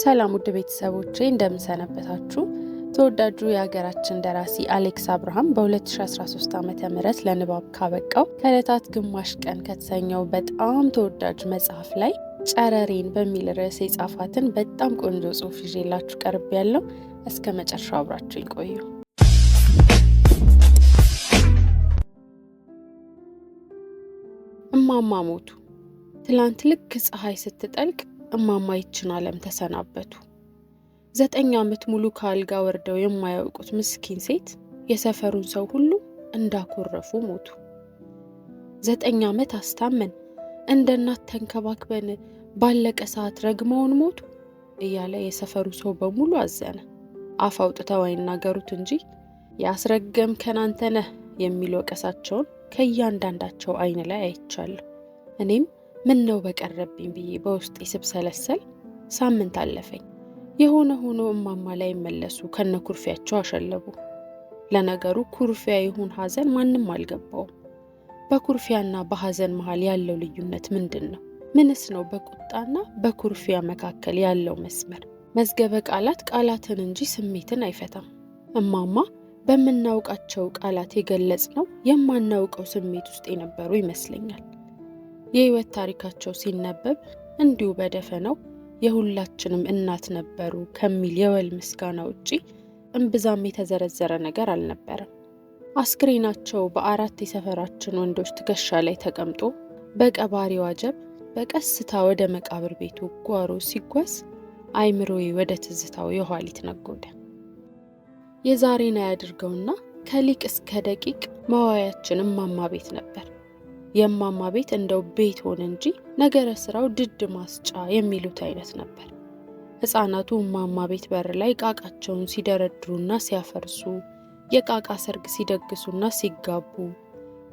ሰላም ውድ ቤተሰቦቼ እንደምንሰነበታችሁ። ተወዳጁ የሀገራችን ደራሲ አሌክስ አብርሃም በ2013 ዓ ም ለንባብ ካበቃው ከእለታት ግማሽ ቀን ከተሰኘው በጣም ተወዳጅ መጽሐፍ ላይ ጨረሬን በሚል ርዕስ የጻፋትን በጣም ቆንጆ ጽሁፍ ይዤላችሁ ቀርብ ያለው እስከ መጨረሻው አብራችሁ ይቆዩ። እማማ ሞቱ ትላንት ልክ ፀሐይ ስትጠልቅ እማማ ይችን ዓለም ተሰናበቱ። ዘጠኝ ዓመት ሙሉ ከአልጋ ወርደው የማያውቁት ምስኪን ሴት የሰፈሩን ሰው ሁሉ እንዳኮረፉ ሞቱ። ዘጠኝ ዓመት አስታመን እንደ እናት ተንከባክበን ባለቀ ሰዓት ረግመውን ሞቱ እያለ የሰፈሩ ሰው በሙሉ አዘነ። አፍ አውጥተው አይናገሩት እንጂ ያስረገምከን አንተ ነህ የሚል ወቀሳቸውን ከእያንዳንዳቸው አይን ላይ አይቻለሁ። እኔም ምን ነው በቀረብኝ ብዬ በውስጤ ስብሰለሰል ሳምንት አለፈኝ። የሆነ ሆኖ እማማ ላይ መለሱ፣ ከነ ኩርፊያቸው አሸለቡ። ለነገሩ ኩርፊያ ይሁን ሐዘን ማንም አልገባውም። በኩርፊያና በሐዘን መሃል ያለው ልዩነት ምንድን ነው? ምንስ ነው በቁጣና በኩርፊያ መካከል ያለው መስመር? መዝገበ ቃላት ቃላትን እንጂ ስሜትን አይፈታም። እማማ በምናውቃቸው ቃላት የገለጽ ነው የማናውቀው ስሜት ውስጥ የነበሩ ይመስለኛል። የህይወት ታሪካቸው ሲነበብ እንዲሁ በደፈነው የሁላችንም እናት ነበሩ ከሚል የወል ምስጋና ውጪ እምብዛም የተዘረዘረ ነገር አልነበረም። አስክሬናቸው በአራት የሰፈራችን ወንዶች ትከሻ ላይ ተቀምጦ በቀባሪ ዋጀብ በቀስታ ወደ መቃብር ቤቱ ጓሮ ሲጓዝ አይምሮዬ ወደ ትዝታው የኋሊት ነጎደ። የዛሬን አያድርገውና ከሊቅ እስከ ደቂቅ መዋያችን እማማ ቤት ነበር። የማማ ቤት እንደው ቤት ሆነ እንጂ ነገረ ስራው ድድ ማስጫ የሚሉት አይነት ነበር። ሕፃናቱ እማማ ቤት በር ላይ ቃቃቸውን ሲደረድሩና ሲያፈርሱ፣ የቃቃ ሰርግ ሲደግሱና ሲጋቡ፣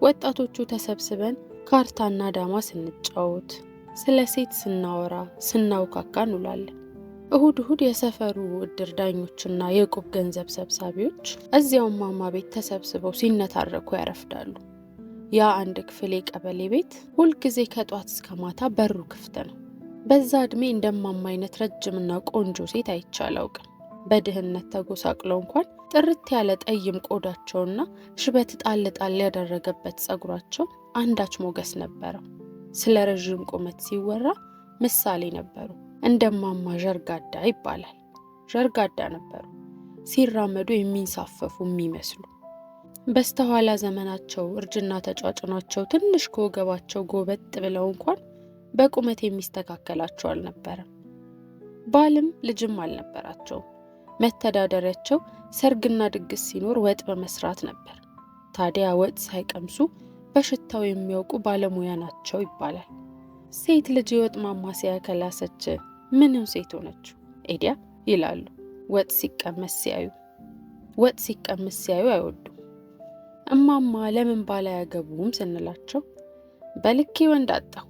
ወጣቶቹ ተሰብስበን ካርታና ዳማ ስንጫወት፣ ስለ ሴት ስናወራ ስናውካካ እንውላለን። እሁድ እሁድ የሰፈሩ እድር ዳኞችና የቁብ ገንዘብ ሰብሳቢዎች እዚያው እማማ ቤት ተሰብስበው ሲነታረኩ ያረፍዳሉ። ያ አንድ ክፍል የቀበሌ ቤት ሁልጊዜ ከጧት እስከ ማታ በሩ ክፍት ነው። በዛ ዕድሜ እንደማማ አይነት ረጅምና ቆንጆ ሴት አይቼ አላውቅም። በድህነት ተጎሳቅለው እንኳን ጥርት ያለ ጠይም ቆዳቸውና ሽበት ጣል ጣል ያደረገበት ጸጉራቸው አንዳች ሞገስ ነበረው። ስለ ረዥም ቁመት ሲወራ ምሳሌ ነበሩ። እንደማማ ዠርጋዳ ይባላል። ዠርጋዳ ነበሩ፣ ሲራመዱ የሚንሳፈፉ የሚመስሉ በስተኋላ ዘመናቸው እርጅና ተጫጭኗቸው ትንሽ ከወገባቸው ጎበጥ ብለው እንኳን በቁመት የሚስተካከላቸው አልነበረም። ባልም ልጅም አልነበራቸው። መተዳደሪያቸው ሰርግና ድግስ ሲኖር ወጥ በመስራት ነበር። ታዲያ ወጥ ሳይቀምሱ በሽታው የሚያውቁ ባለሙያ ናቸው ይባላል። ሴት ልጅ የወጥ ማማሰያ ከላሰች ምንም ሴት ሆነች ኤዲያ ይላሉ። ወጥ ሲቀመስ ሲያዩ ወጥ ሲቀመስ ሲያዩ አይወዱም። እማማ ለምን ባል አያገቡም ስንላቸው በልኬ ወንድ አጣሁ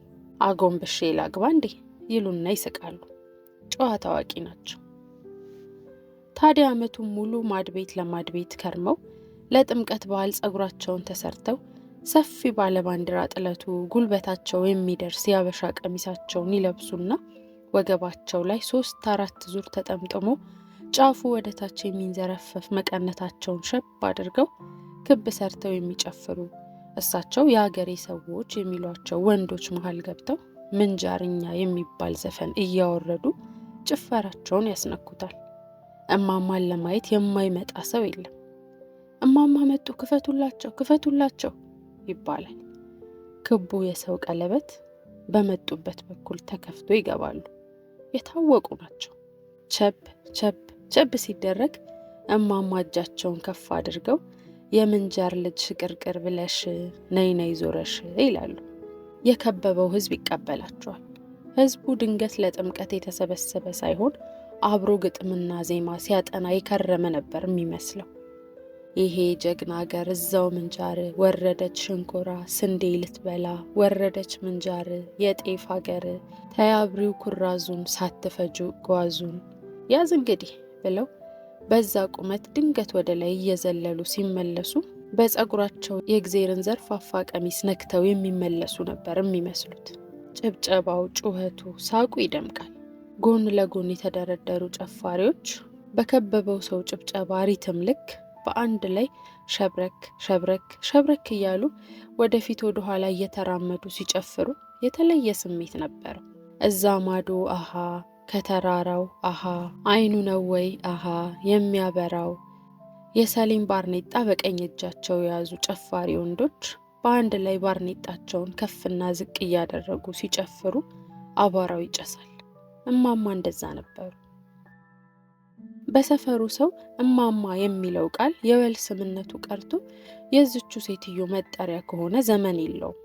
አጎንብሼ ላግባ እንዴ ይሉና ይስቃሉ። ጨዋታ ታዋቂ ናቸው። ታዲያ ዓመቱን ሙሉ ማድቤት ለማድቤት ከርመው ለጥምቀት በዓል ጸጉራቸውን ተሰርተው ሰፊ ባለባንዲራ ጥለቱ ጉልበታቸው የሚደርስ የአበሻ ቀሚሳቸውን ይለብሱና ወገባቸው ላይ ሶስት አራት ዙር ተጠምጥሞ ጫፉ ወደ ታች የሚንዘረፈፍ መቀነታቸውን ሸብ አድርገው ክብ ሰርተው የሚጨፍሩ እሳቸው የአገሬ ሰዎች የሚሏቸው ወንዶች መሀል ገብተው ምንጃርኛ የሚባል ዘፈን እያወረዱ ጭፈራቸውን ያስነኩታል። እማማን ለማየት የማይመጣ ሰው የለም። እማማ መጡ፣ ክፈቱላቸው፣ ክፈቱላቸው ይባላል። ክቡ የሰው ቀለበት በመጡበት በኩል ተከፍቶ ይገባሉ። የታወቁ ናቸው። ቸብ ቸብ ቸብ ሲደረግ እማማ እጃቸውን ከፍ አድርገው የምንጃር ልጅ ሽቅርቅር ብለሽ ነይ ነይ ዞረሽ ይላሉ። የከበበው ህዝብ ይቀበላቸዋል። ህዝቡ ድንገት ለጥምቀት የተሰበሰበ ሳይሆን አብሮ ግጥምና ዜማ ሲያጠና የከረመ ነበር የሚመስለው። ይሄ ጀግና አገር እዛው ምንጃር ወረደች ሽንኮራ ስንዴ ልትበላ ወረደች ምንጃር የጤፍ አገር ተያብሪው ኩራዙን ሳትፈጁ ጓዙን ያዝ እንግዲህ ብለው በዛ ቁመት ድንገት ወደ ላይ እየዘለሉ ሲመለሱ በጸጉራቸው የእግዜርን ዘርፋፋ ቀሚስ ነክተው የሚመለሱ ነበር የሚመስሉት። ጭብጨባው፣ ጩኸቱ፣ ሳቁ ይደምቃል። ጎን ለጎን የተደረደሩ ጨፋሪዎች በከበበው ሰው ጭብጨባ ሪትም ልክ በአንድ ላይ ሸብረክ ሸብረክ ሸብረክ እያሉ ወደፊት ወደ ኋላ እየተራመዱ ሲጨፍሩ የተለየ ስሜት ነበረው። እዛ ማዶ አሃ ከተራራው አሃ አይኑ ነው ወይ አሃ የሚያበራው። የሰሊም ባርኔጣ በቀኝ እጃቸው የያዙ ጨፋሪ ወንዶች በአንድ ላይ ባርኔጣቸውን ከፍና ዝቅ እያደረጉ ሲጨፍሩ አቧራው ይጨሳል። እማማ እንደዛ ነበሩ። በሰፈሩ ሰው እማማ የሚለው ቃል የወል ስምነቱ ቀርቶ የዝቹ ሴትዮ መጠሪያ ከሆነ ዘመን የለውም።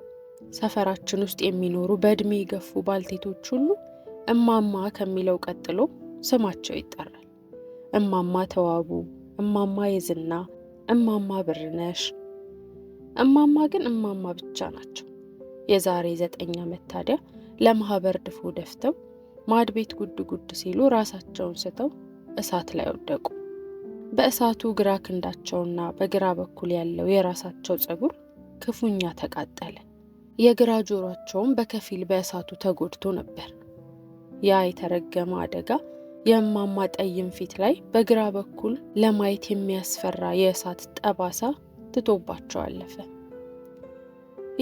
ሰፈራችን ውስጥ የሚኖሩ በዕድሜ የገፉ ባልቴቶች ሁሉ እማማ ከሚለው ቀጥሎ ስማቸው ይጠራል። እማማ ተዋቡ፣ እማማ የዝና፣ እማማ ብርነሽ። እማማ ግን እማማ ብቻ ናቸው። የዛሬ ዘጠኝ ዓመት ታዲያ ለማህበር ድፎ ደፍተው ማድ ቤት ጉድ ጉድ ሲሉ ራሳቸውን ስተው እሳት ላይ ወደቁ። በእሳቱ ግራ ክንዳቸውና በግራ በኩል ያለው የራሳቸው ጸጉር ክፉኛ ተቃጠለ። የግራ ጆሯቸውም በከፊል በእሳቱ ተጎድቶ ነበር። ያ የተረገመ አደጋ የእማማ ጠይም ፊት ላይ በግራ በኩል ለማየት የሚያስፈራ የእሳት ጠባሳ ትቶባቸው አለፈ።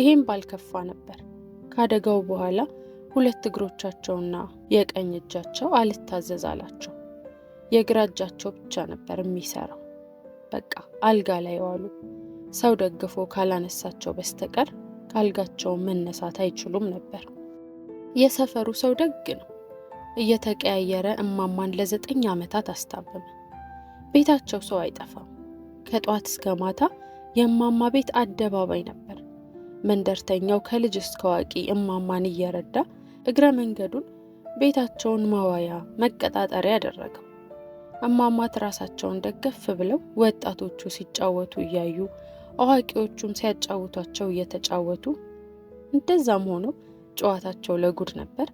ይህም ባልከፋ ነበር። ከአደጋው በኋላ ሁለት እግሮቻቸውና የቀኝ እጃቸው አልታዘዝ አላቸው። የግራ እጃቸው ብቻ ነበር የሚሰራው። በቃ አልጋ ላይ ዋሉ። ሰው ደግፎ ካላነሳቸው በስተቀር ካልጋቸው መነሳት አይችሉም ነበር። የሰፈሩ ሰው ደግ ነው። እየተቀያየረ እማማን ለዘጠኝ ዓመታት አስታመመ። ቤታቸው ሰው አይጠፋም። ከጧት እስከ ማታ የእማማ ቤት አደባባይ ነበር። መንደርተኛው ከልጅ እስከ አዋቂ እማማን እየረዳ እግረ መንገዱን ቤታቸውን ማዋያ መቀጣጠሪያ ያደረገው። እማማት ራሳቸውን ደገፍ ብለው ወጣቶቹ ሲጫወቱ እያዩ አዋቂዎቹም ሲያጫውቷቸው እየተጫወቱ እንደዛም ሆኖ ጨዋታቸው ለጉድ ነበር።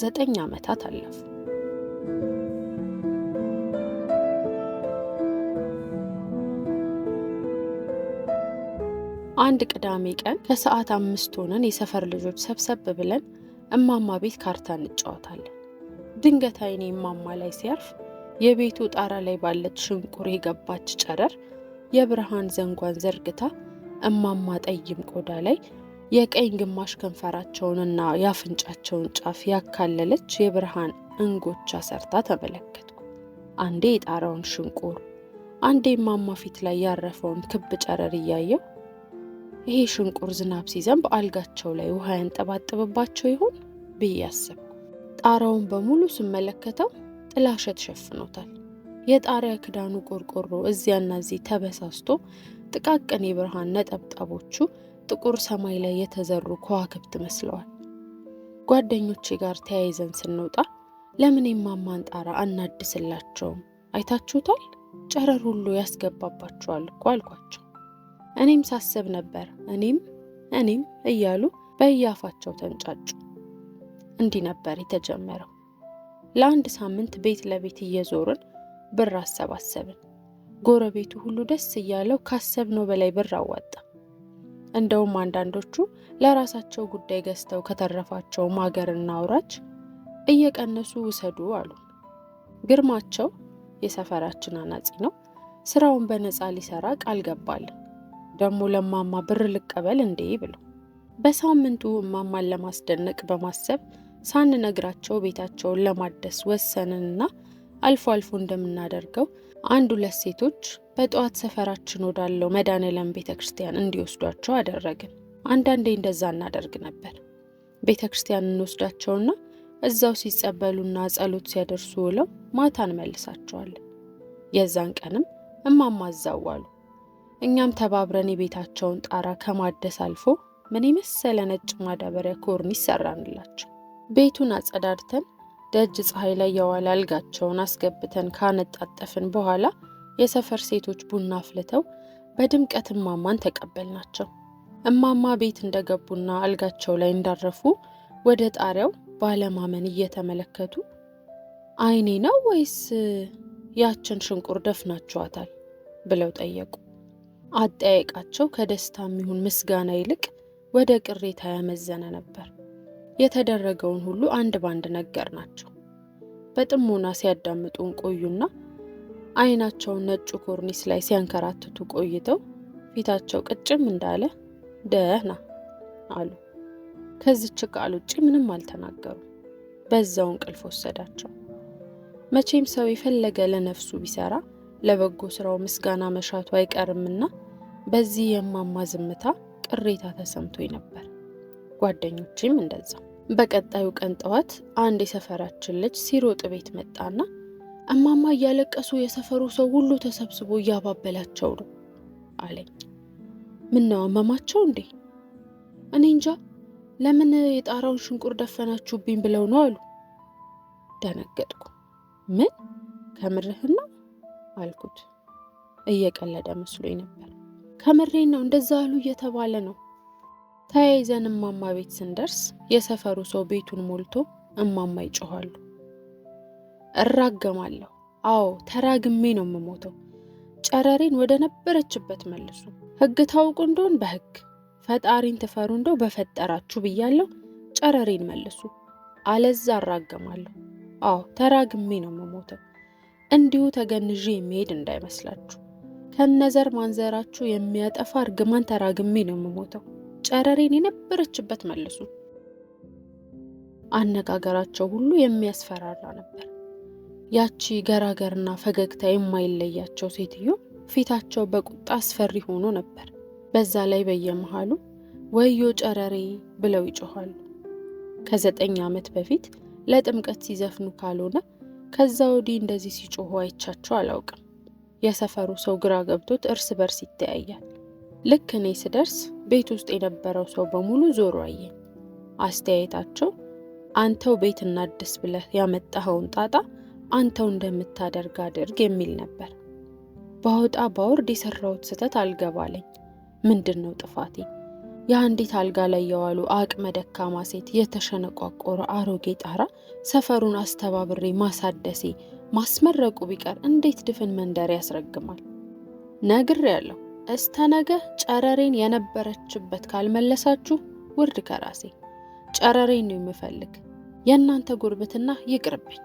ዘጠኝ ዓመታት አለፉ። አንድ ቅዳሜ ቀን ከሰዓት አምስት ሆነን የሰፈር ልጆች ሰብሰብ ብለን እማማ ቤት ካርታ እንጫወታለን። ድንገት አይኔ እማማ ላይ ሲያርፍ የቤቱ ጣራ ላይ ባለች ሽንቁር የገባች ጨረር የብርሃን ዘንጓን ዘርግታ እማማ ጠይም ቆዳ ላይ የቀኝ ግማሽ ከንፈራቸውንና የአፍንጫቸውን ጫፍ ያካለለች የብርሃን እንጎቻ ሰርታ ተመለከትኩ። አንዴ የጣራውን ሽንቁር፣ አንዴ ማማ ፊት ላይ ያረፈውን ክብ ጨረር እያየው ይሄ ሽንቁር ዝናብ ሲዘንብ አልጋቸው ላይ ውሃ ያንጠባጥብባቸው ይሆን ብዬ አሰብኩ። ጣራውን በሙሉ ስመለከተው ጥላሸት ሸፍኖታል። የጣሪያ ክዳኑ ቆርቆሮ እዚያና እዚህ ተበሳስቶ ጥቃቅን የብርሃን ነጠብጣቦቹ ጥቁር ሰማይ ላይ የተዘሩ ከዋክብት መስለዋል። ጓደኞቼ ጋር ተያይዘን ስንወጣ ለምን የማማን ጣራ አናድስላቸውም? አይታችሁታል፣ ጨረር ሁሉ ያስገባባቸዋል እኮ አልኳቸው። እኔም ሳስብ ነበር እኔም እኔም እያሉ በየአፋቸው ተንጫጩ። እንዲህ ነበር የተጀመረው። ለአንድ ሳምንት ቤት ለቤት እየዞርን ብር አሰባሰብን። ጎረቤቱ ሁሉ ደስ እያለው ካሰብነው በላይ ብር አዋጣ። እንደውም አንዳንዶቹ ለራሳቸው ጉዳይ ገዝተው ከተረፋቸው ማገርና አውራጅ እየቀነሱ ውሰዱ አሉ። ግርማቸው የሰፈራችን አናጺ ነው። ስራውን በነፃ ሊሰራ ቃል ገባል። ደግሞ ለማማ ብር ልቀበል እንዴ ብሎ በሳምንቱ እማማን ለማስደነቅ በማሰብ ሳንነግራቸው ቤታቸውን ለማደስ ወሰንንና አልፎ አልፎ እንደምናደርገው አንድ ሁለት ሴቶች በጠዋት ሰፈራችን ወዳለው መድኃኔዓለም ቤተ ክርስቲያን እንዲወስዷቸው አደረግን። አንዳንዴ እንደዛ እናደርግ ነበር። ቤተ ክርስቲያን እንወስዳቸውና እዛው ሲጸበሉና ጸሎት ሲያደርሱ ውለው ማታ እንመልሳቸዋለን። የዛን ቀንም እማማ እዛው እኛም ተባብረን የቤታቸውን ጣራ ከማደስ አልፎ ምን የመሰለ ነጭ ማዳበሪያ ኮርኒስ ሰራንላቸው። ቤቱን አጸዳድተን ደጅ ፀሐይ ላይ የዋለ አልጋቸውን አስገብተን ካነጣጠፍን በኋላ የሰፈር ሴቶች ቡና አፍልተው በድምቀት እማማን ተቀበልናቸው። እማማ ቤት እንደገቡና አልጋቸው ላይ እንዳረፉ ወደ ጣሪያው ባለማመን እየተመለከቱ አይኔ ነው ወይስ ያችን ሽንቁር ደፍናችኋታል ብለው ጠየቁ። አጠያየቃቸው ከደስታ የሚሆን ምስጋና ይልቅ ወደ ቅሬታ ያመዘነ ነበር። የተደረገውን ሁሉ አንድ ባንድ ነገር ናቸው። በጥሞና ሲያዳምጡን ቆዩና አይናቸውን ነጩ ኮርኒስ ላይ ሲያንከራትቱ ቆይተው ፊታቸው ቅጭም እንዳለ ደህና አሉ። ከዚች ቃል ውጭ ምንም አልተናገሩ። በዛው እንቅልፍ ወሰዳቸው። መቼም ሰው የፈለገ ለነፍሱ ቢሰራ ለበጎ ስራው ምስጋና መሻቱ አይቀርምና በዚህ የማማ ዝምታ ቅሬታ ተሰምቶኝ ነበር። ጓደኞችም እንደዛው። በቀጣዩ ቀን ጠዋት አንድ የሰፈራችን ልጅ ሲሮጥ ቤት መጣና እማማ እያለቀሱ የሰፈሩ ሰው ሁሉ ተሰብስቦ እያባበላቸው ነው አለኝ። ምነው አመማቸው እንዴ? እኔ እንጃ ለምን የጣራውን ሽንቁር ደፈናችሁብኝ ብለው ነው አሉ። ደነገጥኩ። ምን ከምርህና አልኩት። እየቀለደ መስሎኝ ነበር። ከምሬን ነው እንደዛ አሉ እየተባለ ነው። ተያይዘን እማማ ቤት ስንደርስ የሰፈሩ ሰው ቤቱን ሞልቶ እማማ ይጮኋሉ። እራገማለሁ። አዎ ተራግሜ ነው የምሞተው። ጨረሬን ወደ ነበረችበት መልሱ። ህግ ታውቁ እንደሆን በህግ ፈጣሪን ትፈሩ እንደው በፈጠራችሁ ብያለሁ። ጨረሬን መልሱ፣ አለዛ እራገማለሁ። አዎ ተራግሜ ነው የምሞተው። እንዲሁ ተገንዤ የሚሄድ እንዳይመስላችሁ። ከነዘር ማንዘራችሁ የሚያጠፋ እርግማን ተራግሜ ነው የምሞተው። ጨረሬን የነበረችበት መልሱ። አነጋገራቸው ሁሉ የሚያስፈራራ ነበር። ያቺ ገራገርና ፈገግታ የማይለያቸው ሴትዮ ፊታቸው በቁጣ አስፈሪ ሆኖ ነበር። በዛ ላይ በየመሃሉ ወዮ ጨረሬ ብለው ይጮኋሉ። ከዘጠኝ ዓመት በፊት ለጥምቀት ሲዘፍኑ ካልሆነ ከዛ ወዲህ እንደዚህ ሲጮሁ አይቻቸው አላውቅም። የሰፈሩ ሰው ግራ ገብቶት እርስ በርስ ይተያያል። ልክ እኔ ስደርስ ቤት ውስጥ የነበረው ሰው በሙሉ ዞሮ አየኝ። አስተያየታቸው አንተው ቤት እናድስ ብለህ ያመጣኸውን ጣጣ አንተው እንደምታደርግ አድርግ የሚል ነበር። በወጣ ባወርድ የሰራሁት ስህተት አልገባለኝ። ምንድን ነው ጥፋቴ? የአንዲት አልጋ ላይ የዋሉ አቅመ ደካማ ሴት የተሸነቋቆረ አሮጌ ጣራ ሰፈሩን አስተባብሬ ማሳደሴ ማስመረቁ ቢቀር እንዴት ድፍን መንደር ያስረግማል? ነግር ያለው እስተ ነገ ጨረሬን የነበረችበት ካልመለሳችሁ ውርድ ከራሴ ጨረሬን ነው የምፈልግ። የእናንተ ጉርብትና ይቅርብኝ።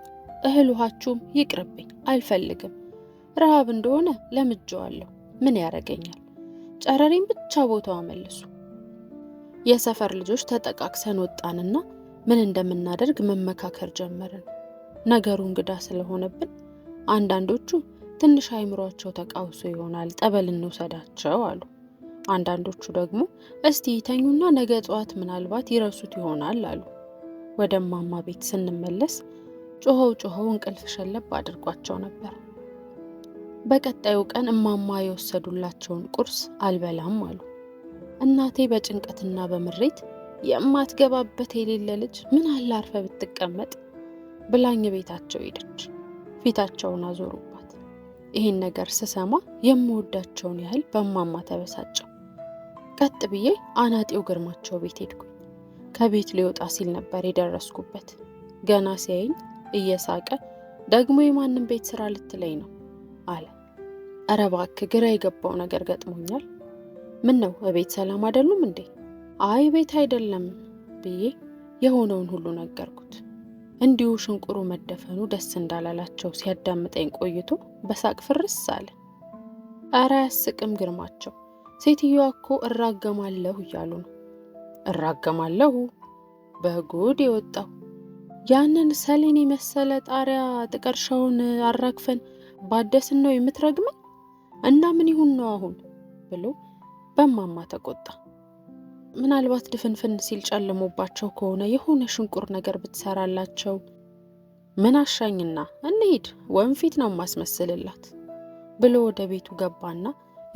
እህል ውሃችሁም ይቅርብኝ አልፈልግም። ረሃብ እንደሆነ ለምጄዋለሁ፣ ምን ያደርገኛል? ጨረሬን ብቻ ቦታው አመልሱ። የሰፈር ልጆች ተጠቃቅሰን ወጣንና ምን እንደምናደርግ መመካከር ጀመርን። ነገሩ እንግዳ ስለሆነብን አንዳንዶቹ ትንሽ አይምሯቸው ተቃውሶ ይሆናል ጠበል እንውሰዳቸው አሉ። አንዳንዶቹ ደግሞ እስቲ ይተኙና ነገ ጠዋት ምናልባት ይረሱት ይሆናል አሉ። ወደ እማማ ቤት ስንመለስ ጮኸው ጮኸው እንቅልፍ ሸለብ አድርጓቸው ነበር። በቀጣዩ ቀን እማማ የወሰዱላቸውን ቁርስ አልበላም አሉ። እናቴ በጭንቀትና በምሬት የማትገባበት የሌለ ልጅ ምን አለ አርፈ ብትቀመጥ ብላኝ ቤታቸው ሄደች። ፊታቸውን አዞሩባት። ይህን ነገር ስሰማ የምወዳቸውን ያህል በማማ ተበሳጨው። ቀጥ ብዬ አናጤው ግርማቸው ቤት ሄድኩኝ። ከቤት ሊወጣ ሲል ነበር የደረስኩበት። ገና ሲያየኝ እየሳቀ ደግሞ የማንም ቤት ስራ ልትለይ ነው አለ። እረ እባክህ ግራ የገባው ነገር ገጥሞኛል። ምን ነው እቤት ሰላም አይደሉም እንዴ? አይ ቤት አይደለም ብዬ የሆነውን ሁሉ ነገርኩት። እንዲሁ ሽንቁሩ መደፈኑ ደስ እንዳላላቸው ሲያዳምጠኝ ቆይቶ በሳቅ ፍርስ አለ። እረ አያስቅም ግርማቸው። ሴትዮዋ እኮ እራገማለሁ እያሉ ነው። እራገማለሁ በጉድ የወጣው ያንን ሰሊን የመሰለ ጣሪያ ጥቀርሻውን አራግፈን ባደስን ነው የምትረግመን እና ምን ይሁን ነው አሁን ብሎ በማማ ተቆጣ። ምናልባት ድፍንፍን ሲል ጨልሞባቸው ከሆነ የሆነ ሽንቁር ነገር ብትሰራላቸው ምን አሻኝና እንሂድ ወንፊት ነው ማስመስልላት ብሎ ወደ ቤቱ ገባና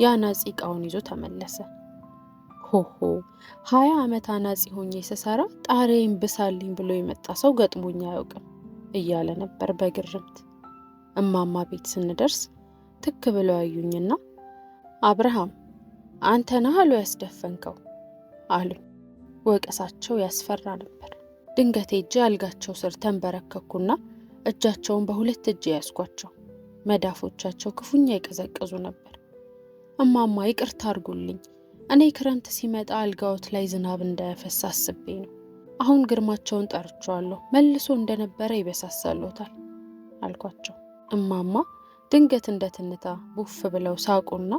የአናጺ እቃውን ይዞ ተመለሰ። ሆሆ ሀያ ዓመት አናጺ ሆኜ ስሰራ ጣሬን ብሳልኝ ብሎ የመጣ ሰው ገጥሞኝ አያውቅም እያለ ነበር በግርምት። እማማ ቤት ስንደርስ ትክ ብለው ያዩኝና አብርሃም አንተ ነህ አሉ ያስደፈንከው አሉ። ወቀሳቸው ያስፈራ ነበር። ድንገቴ እጄ አልጋቸው ስር ተንበረከኩና እጃቸውን በሁለት እጅ ያዝኳቸው። መዳፎቻቸው ክፉኛ ይቀዘቅዙ ነበር። እማማ ይቅርታ አድርጉልኝ እኔ ክረምት ሲመጣ አልጋዎት ላይ ዝናብ እንዳያፈስ አስቤ ነው። አሁን ግርማቸውን ጠርቸዋለሁ፣ መልሶ እንደነበረ ይበሳሰሎታል አልኳቸው። እማማ ድንገት እንደ ትንታ ቡፍ ብለው ሳቁና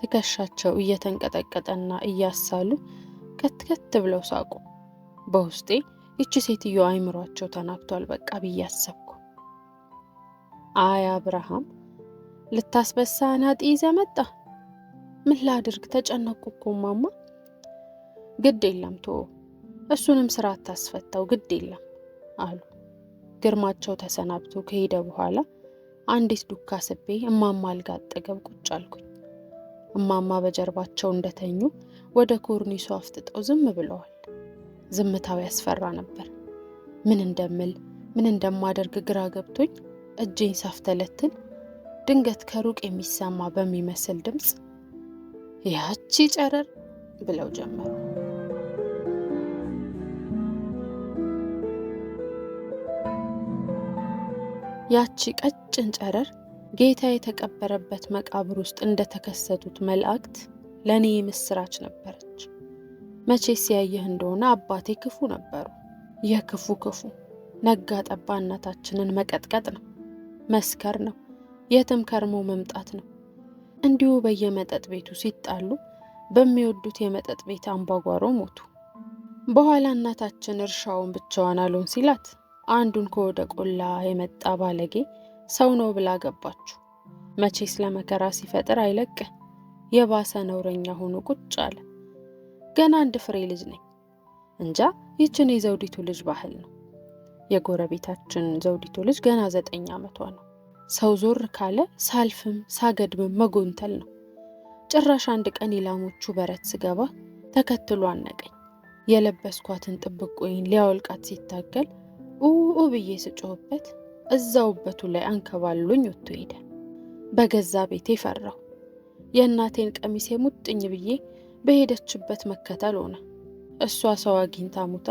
ትከሻቸው እየተንቀጠቀጠና እያሳሉ ከትከት ብለው ሳቁ። በውስጤ ይቺ ሴትዮ አይምሯቸው ተናግቷል በቃ ብዬ አሰብኩ። አይ አብርሃም ልታስበሳ ናጢ ይዘ መጣ ምን ላድርግ ተጨነቅኩ እኮ ማማ። ግድ የለም ቶ እሱንም ስራ አታስፈታው፣ ግድ የለም አሉ። ግርማቸው ተሰናብቶ ከሄደ በኋላ አንዲት ዱካ ስቤ እማማ አልጋ አጠገብ ቁጭ አልኩኝ። እማማ በጀርባቸው እንደተኙ ወደ ኮርኒሱ አፍጥጠው ዝም ብለዋል። ዝምታው ያስፈራ ነበር። ምን እንደምል ምን እንደማደርግ ግራ ገብቶኝ እጄን ሳፍተለትን ድንገት ከሩቅ የሚሰማ በሚመስል ድምፅ ያቺ ጨረር ብለው ጀመሩ። ያቺ ቀጭን ጨረር ጌታ የተቀበረበት መቃብር ውስጥ እንደተከሰቱት መላእክት ለእኔ ምስራች ነበረች። መቼ ሲያየህ እንደሆነ አባቴ ክፉ ነበሩ። የክፉ ክፉ ነጋ ጠባ እናታችንን መቀጥቀጥ ነው፣ መስከር ነው፣ የትም ከርሞ መምጣት ነው። እንዲሁ በየመጠጥ ቤቱ ሲጣሉ በሚወዱት የመጠጥ ቤት አምባጓሮ ሞቱ። በኋላ እናታችን እርሻውን ብቻዋን አሉን ሲላት አንዱን ከወደ ቆላ የመጣ ባለጌ ሰው ነው ብላ ገባችሁ። ስለ መከራ ሲፈጥር አይለቅ የባሰ ነውረኛ ሆኖ ቁጭ አለ። ገና አንድ ፍሬ ልጅ ነኝ። እንጃ ይችን የዘውዲቱ ልጅ ባህል ነው። የጎረቤታችን ዘውዲቱ ልጅ ገና ዘጠኝ ዓመቷ ነው። ሰው ዞር ካለ ሳልፍም ሳገድምም መጎንተል ነው። ጭራሽ አንድ ቀን የላሞቹ በረት ስገባ ተከትሎ አነቀኝ። የለበስኳትን ጥብቆይን ሊያወልቃት ሲታገል ኡኡ ብዬ ስጮህበት እዛውበቱ ላይ አንከባሎኝ ወጥቶ ሄደ። በገዛ ቤቴ ፈራሁ። የእናቴን ቀሚሴ ሙጥኝ ብዬ በሄደችበት መከተል ሆነ። እሷ ሰው አግኝታ ሙታ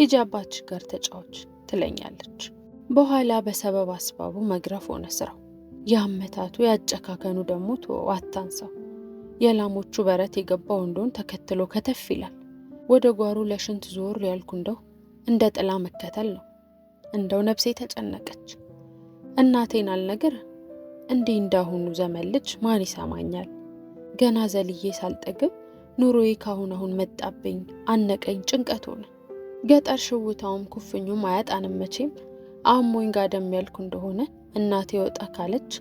ሂጃባች ጋር ተጫዎች ትለኛለች። በኋላ በሰበብ አስባቡ መግረፍ ሆነ ስራው። የአመታቱ ያጨካከኑ ደግሞ ተወው አታንሳው። የላሞቹ በረት የገባ ወንዶን ተከትሎ ከተፍ ይላል። ወደ ጓሮ ለሽንት ዞር ያልኩ እንደው እንደ ጥላ መከተል ነው። እንደው ነፍሴ ተጨነቀች። እናቴን አልነግር እንዲህ እንዳሁኑ ዘመን ልጅ ማን ይሰማኛል? ገና ዘልዬ ሳልጠግብ ኑሮዬ ካሁን አሁን መጣብኝ፣ አነቀኝ፣ ጭንቀት ሆነ። ገጠር ሽውታውም ኩፍኙም አያጣንም መቼም አሞኝ ጋደም ያልኩ እንደሆነ እናቴ ወጣ ካለች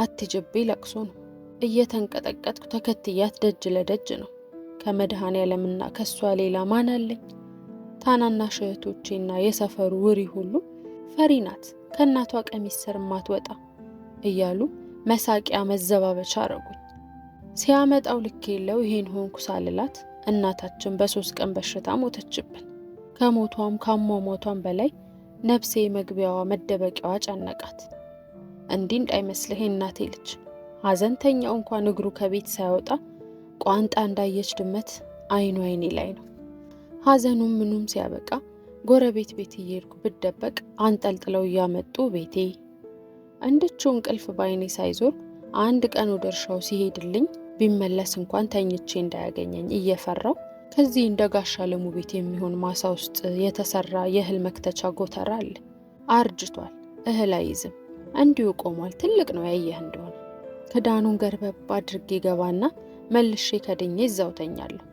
አትጅቤ ለቅሶ ነው። እየተንቀጠቀጥኩ ተከትያት ደጅ ለደጅ ነው። ከመድኃኔ ዓለምና ከእሷ ሌላ ማን አለኝ? ታናናሽ እህቶቼና የሰፈሩ ውሪ ሁሉ ፈሪ ናት፣ ከእናቷ ቀሚስ ስር ማትወጣ እያሉ መሳቂያ መዘባበቻ አረጉኝ። ሲያመጣው ልክ የለው ይሄን ሆንኩ ሳልላት እናታችን በሶስት ቀን በሽታ ሞተችብን። ከሞቷም ካሟሟቷም በላይ ነፍሴ መግቢያዋ መደበቂያዋ ጨነቃት። እንዲህ እንዳይመስልህ እናቴ ልጅ ሐዘንተኛው እንኳን እግሩ ከቤት ሳያወጣ ቋንጣ እንዳየች ድመት አይኑ አይኔ ላይ ነው። ሐዘኑም ምኑም ሲያበቃ ጎረቤት ቤት እየሄድኩ ብደበቅ አንጠልጥለው እያመጡ ቤቴ እንድችው እንቅልፍ በአይኔ ሳይዞር አንድ ቀን ወደ እርሻው ሲሄድልኝ ቢመለስ እንኳን ተኝቼ እንዳያገኘኝ እየፈራው ከዚህ እንደ ጋሻ ለሙ ቤት የሚሆን ማሳ ውስጥ የተሰራ የእህል መክተቻ ጎተራ አለ። አርጅቷል፣ እህል አይዝም፣ እንዲሁ ቆሟል። ትልቅ ነው ያየህ እንደሆነ። ክዳኑን ገርበብ አድርጌ ገባና መልሼ ከድኜ እዛው ተኛለሁ።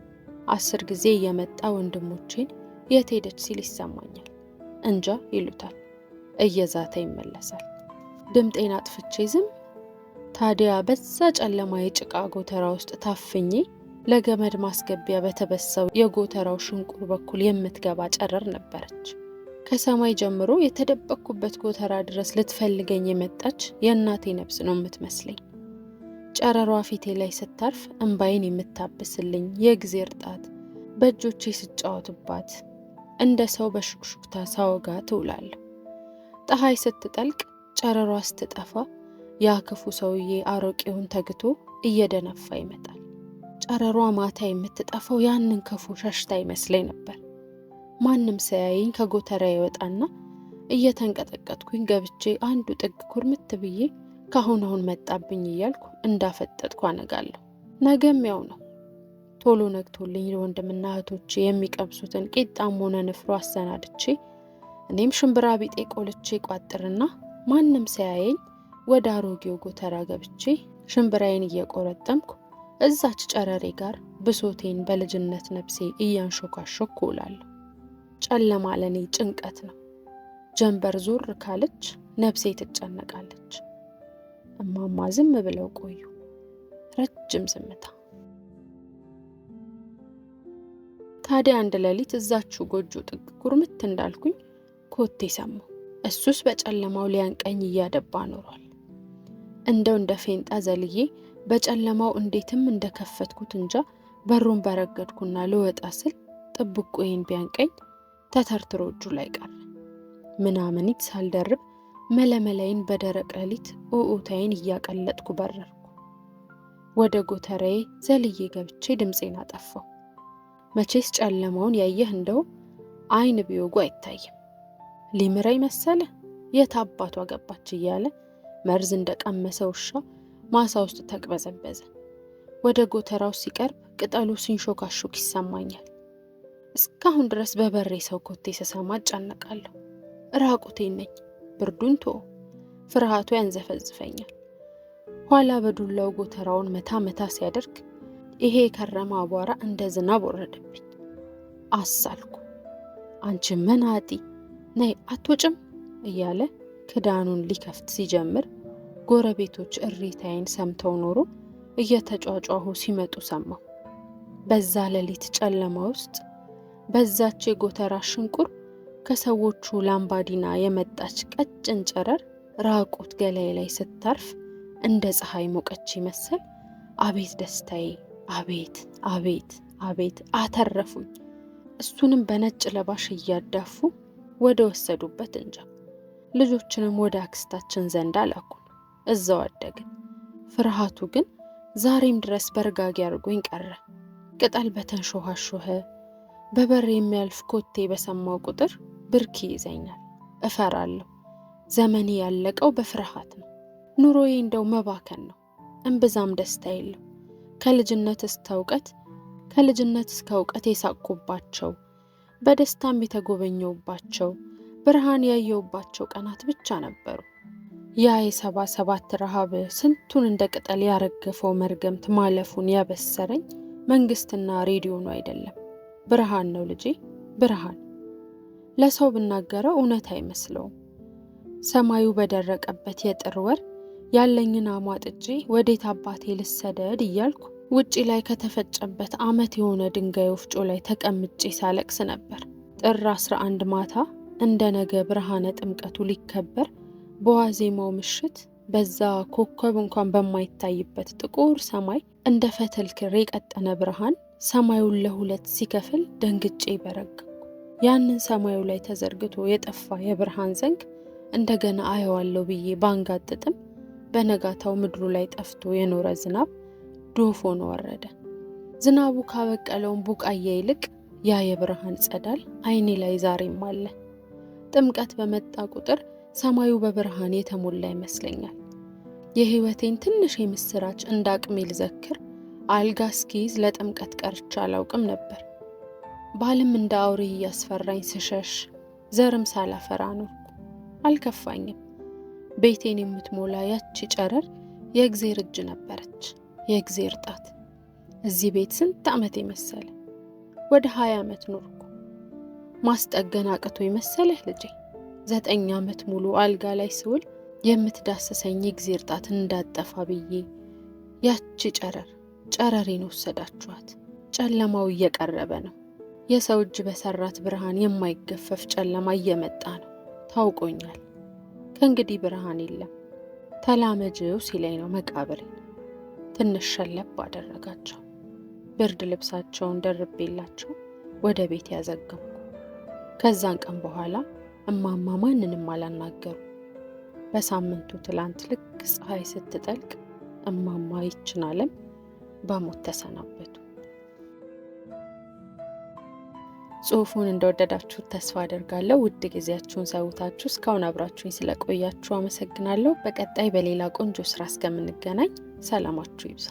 አስር ጊዜ እየመጣ ወንድሞቼን የት ሄደች ሲል ይሰማኛል። እንጃ ይሉታል። እየዛተ ይመለሳል። ድምጤን አጥፍቼ ዝም። ታዲያ በዛ ጨለማ የጭቃ ጎተራ ውስጥ ታፍኜ ለገመድ ማስገቢያ በተበሳው የጎተራው ሽንቁር በኩል የምትገባ ጨረር ነበረች። ከሰማይ ጀምሮ የተደበቅኩበት ጎተራ ድረስ ልትፈልገኝ የመጣች የእናቴ ነፍስ ነው የምትመስለኝ። ጨረሯ ፊቴ ላይ ስታርፍ እምባዬን የምታብስልኝ የእግዜር ጣት በእጆቼ ስጫወትባት እንደ ሰው በሹክሹክታ ሳወጋ ትውላለሁ። ፀሐይ ስትጠልቅ ጨረሯ ስትጠፋ ያ ክፉ ሰውዬ አሮቄውን ተግቶ እየደነፋ ይመጣል። ጨረሯ ማታ የምትጠፋው ያንን ክፉ ሸሽታ ይመስለኝ ነበር። ማንም ሳያየኝ ከጎተራ ይወጣና እየተንቀጠቀጥኩኝ ገብቼ አንዱ ጥግ ኩርምት ብዬ ካሁን አሁን መጣብኝ እያልኩ እንዳፈጠጥኩ አነጋለሁ። ነገም ያው ነው። ቶሎ ነግቶልኝ ወንድምና እህቶቼ የሚቀብሱትን ቂጣም ሆነ ንፍሮ አሰናድቼ እኔም ሽምብራ ቢጤ ቆልቼ ቋጥርና ማንም ሳያየኝ ወደ አሮጌው ጎተራ ገብቼ ሽምብራዬን እየቆረጠምኩ እዛች ጨረሬ ጋር ብሶቴን በልጅነት ነፍሴ እያንሾካሾክ እውላለሁ። ጨለማ ለኔ ጭንቀት ነው። ጀንበር ዞር ካለች ነፍሴ ትጨነቃለች። እማማ ዝም ብለው ቆዩ። ረጅም ዝምታ። ታዲያ አንድ ሌሊት እዛችሁ ጎጆ ጥግ ጉርምት እንዳልኩኝ ኮቴ ሰማሁ። እሱስ በጨለማው ሊያንቀኝ እያደባ ኖሯል። እንደው እንደ ፌንጣ ዘልዬ በጨለማው እንዴትም እንደከፈትኩት እንጃ በሩን በረገድኩና ልወጣ ስል ጥብቆዬን ቢያንቀኝ ተተርትሮ እጁ ላይ ቀረ። ምናምኒት ሳልደርብ መለመላይን በደረቅ ሌሊት ኡኡታይን እያቀለጥኩ በረርኩ። ወደ ጎተራዬ ዘልዬ ገብቼ ድምፄን አጠፋው። መቼስ ጨለማውን ያየህ እንደው አይን ቢወጉ አይታይም። ሊምረኝ መሰለ የት አባቷ ገባች እያለ መርዝ እንደቀመሰ ውሻ ማሳ ውስጥ ተቅበዘበዘ። ወደ ጎተራው ሲቀርብ ቅጠሉ ሲንሾካሾክ ይሰማኛል። እስካሁን ድረስ በበሬ ሰው ኮቴ ስሰማ እጨነቃለሁ። ራቁቴ ነኝ። ብርዱን ቶ ፍርሃቱ ያንዘፈዝፈኛል። ኋላ በዱላው ጎተራውን መታ መታ ሲያደርግ ይሄ የከረመ አቧራ እንደ ዝናብ ወረደብኝ። አሳልኩ። አንቺ መናጢ ነይ አትወጭም እያለ ክዳኑን ሊከፍት ሲጀምር ጎረቤቶች እሪታዬን ሰምተው ኖሮ እየተጫጫሁ ሲመጡ ሰማሁ። በዛ ሌሊት ጨለማ ውስጥ በዛች የጎተራ ሽንቁር ከሰዎቹ ላምባዲና የመጣች ቀጭን ጨረር ራቁት ገላይ ላይ ስታርፍ እንደ ፀሐይ ሞቀች ይመስል አቤት ደስታዬ፣ አቤት አቤት አቤት አተረፉኝ። እሱንም በነጭ ለባሽ እያዳፉ ወደ ወሰዱበት እንጃ። ልጆችንም ወደ አክስታችን ዘንድ አላኩ። እዛው አደግን። ፍርሃቱ ግን ዛሬም ድረስ በርጋጊ አድርጎኝ ቀረ። ቅጠል በተንሾኋሾኸ በበር የሚያልፍ ኮቴ በሰማው ቁጥር ብርኪ ይዘኛል። እፈራለሁ። ዘመኔ ያለቀው በፍርሃት ነው። ኑሮዬ እንደው መባከን ነው። እምብዛም ደስታ የለው። ከልጅነት እስከ እውቀት ከልጅነት እስከ እውቀት በደስታም የተጎበኘውባቸው ብርሃን ያየውባቸው ቀናት ብቻ ነበሩ። ያ የሰባ ሰባት ረሃብ ስንቱን እንደ ቅጠል ያረገፈው መርገምት ማለፉን ያበሰረኝ መንግስትና ሬዲዮኑ አይደለም፣ ብርሃን ነው ልጄ ብርሃን። ለሰው ብናገረው እውነት አይመስለውም። ሰማዩ በደረቀበት የጥር ወር ያለኝን አሟጥጬ ወዴት አባቴ ልሰደድ እያልኩ ውጪ ላይ ከተፈጨበት አመት የሆነ ድንጋይ ወፍጮ ላይ ተቀምጬ ሳለቅስ ነበር። ጥር 11 ማታ እንደ ነገ ብርሃነ ጥምቀቱ ሊከበር በዋዜማው ምሽት በዛ ኮከብ እንኳን በማይታይበት ጥቁር ሰማይ እንደ ፈትል ክር የቀጠነ ብርሃን ሰማዩን ለሁለት ሲከፍል ደንግጬ በረጋ። ያንን ሰማዩ ላይ ተዘርግቶ የጠፋ የብርሃን ዘንግ እንደገና አየዋለሁ ብዬ ባንጋጥጥም በነጋታው ምድሩ ላይ ጠፍቶ የኖረ ዝናብ ዶፍ ሆኖ ወረደ። ዝናቡ ካበቀለውን ቡቃያ ይልቅ ያ የብርሃን ጸዳል አይኔ ላይ ዛሬም አለ። ጥምቀት በመጣ ቁጥር ሰማዩ በብርሃን የተሞላ ይመስለኛል። የህይወቴን ትንሽ የምስራች እንደ አቅሜ ልዘክር አልጋ እስኪይዝ ለጥምቀት ቀርቼ አላውቅም ነበር። ባልም እንደ አውሬ እያስፈራኝ ስሸሽ ዘርም ሳላፈራ ነው። አልከፋኝም። ቤቴን የምትሞላ ያቺ ጨረር የእግዜር እጅ ነበረች፣ የእግዜር ጣት። እዚህ ቤት ስንት ዓመት የመሰለ ወደ ሀያ ዓመት ኖርኩ። ማስጠገን አቅቶ የመሰለህ ልጄ ዘጠኝ ዓመት ሙሉ አልጋ ላይ ስውል የምትዳሰሰኝ የእግዜር ጣት እንዳጠፋ ብዬ ያቺ ጨረር ጨረሬን ወሰዳችኋት። ጨለማው እየቀረበ ነው። የሰው እጅ በሰራት ብርሃን የማይገፈፍ ጨለማ እየመጣ ነው። ታውቆኛል። ከእንግዲህ ብርሃን የለም። ተላመጅው ሲለኝ ነው መቃብር ትንሽ ሸለብ አደረጋቸው። ብርድ ልብሳቸውን ደርቤላቸው ወደ ቤት ያዘገምኩ። ከዛን ቀን በኋላ እማማ ማንንም አላናገሩ። በሳምንቱ ትላንት ልክ ፀሐይ ስትጠልቅ እማማ ይችን ዓለም በሞት ተሰናበቱ። ጽሁፉን እንደወደዳችሁ ተስፋ አደርጋለሁ። ውድ ጊዜያችሁን ሰውታችሁ እስካሁን አብራችሁኝ ስለቆያችሁ አመሰግናለሁ። በቀጣይ በሌላ ቆንጆ ስራ እስከምንገናኝ ሰላማችሁ ይብዛ።